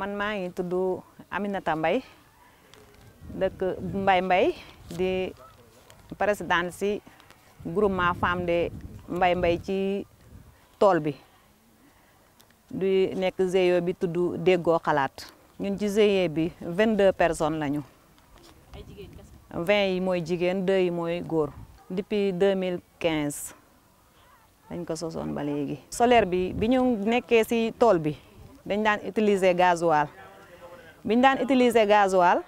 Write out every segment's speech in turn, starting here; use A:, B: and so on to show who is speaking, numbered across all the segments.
A: man maa ngi tudd Aminata Mbaye dëkk mbay mbay di présidente si groupement femme de mbay Mbaye ci tool bi di nekk GIE bi tuddu déggoo xalaat ñun ci GIE bi vingt deux personnes lañu vingt yi mooy jigéen deux yi mooy góor depuis deux mille quinze dañ ko sosoon ba léegi solaire bi bi nekkee si tool bi dañ daan utiliser gasoil biñ daan utiliser gasoil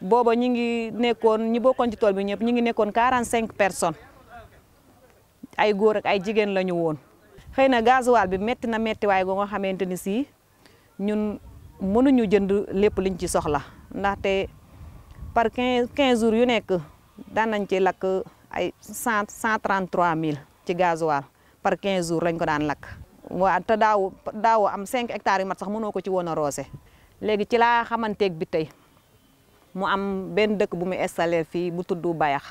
A: booba ñu ngi nekkoon ñi bokkoon ci tool bi ñëpp ñu ngi nekkoon quarante cinq personnes ay góor ak ay jigéen la ñu woon xëy na gasoil bi métti na méttiwaay goo nga xamante ni si ñun mënuñu jënd lépp liñ ci soxla ndaxte par quinze quinze jours yu nekk daan nañ ci lakk ay cent cent trois mille ci gasoil par quinze jours lañ ko daan lakk waaw te daaw daaw am cinq hectares yu mat sax mënoo ko ci woon a léegi ci laa xamanteeg bi tey mu am benn dëkk bu mu installé fii bu tudd Bayax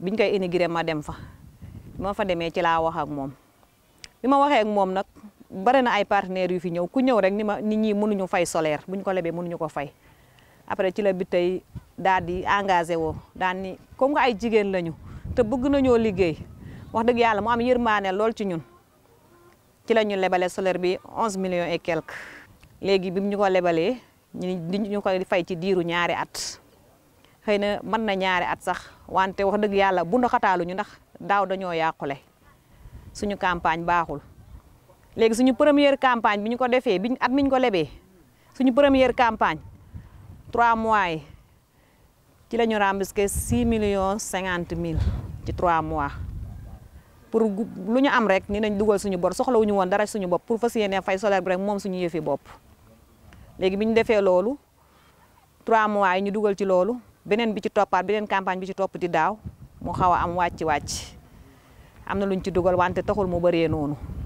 A: biñ koy inauguré ma dem fa ma fa demee ci laa wax ak moom bi ma waxee moom nag bare na ay partenaires yu fi ñëw ku ñëw rek ni ma nit ñi mënuñu fay bu ñu ko lebee mënuñu ko fay après ci la bi tey daal di engagé woo daal ni comme ay jigéen la ñu te bëgg nañoo liggéey wax dëgg yàlla mu am yërmaane lool ci ñun. ci la ñu lebale solaire bi onze million et quelques léegi bi ñu ko lebalee ñu ñu koy fay ci diiru ñaari at xëy na mën na ñaari at sax wante wax dëgg yàlla bu ndoxataalu ñu ndax daaw dañoo yàqule suñu campagne baaxul léegi suñu première campagne bi ñu ko defee bi at mi ñu ko lebee suñu première campagne trois mois yi ci la ñu remboursé six millions cinquante mille ci trois mois pour lu ñu am rek ni nañ dugal suñu bor soxlawuñu woon dara suñu bopp pour fas yéene fay solaire bi rek moom suñu yëfi bopp léegi bi ñu defee loolu trois mois yi ñu dugal ci loolu beneen bi ci toppaat beneen campagne bi ci topp di daaw mu xaw a am wàcc wàcc am na luñ ci dugal wante taxul mu bëree noonu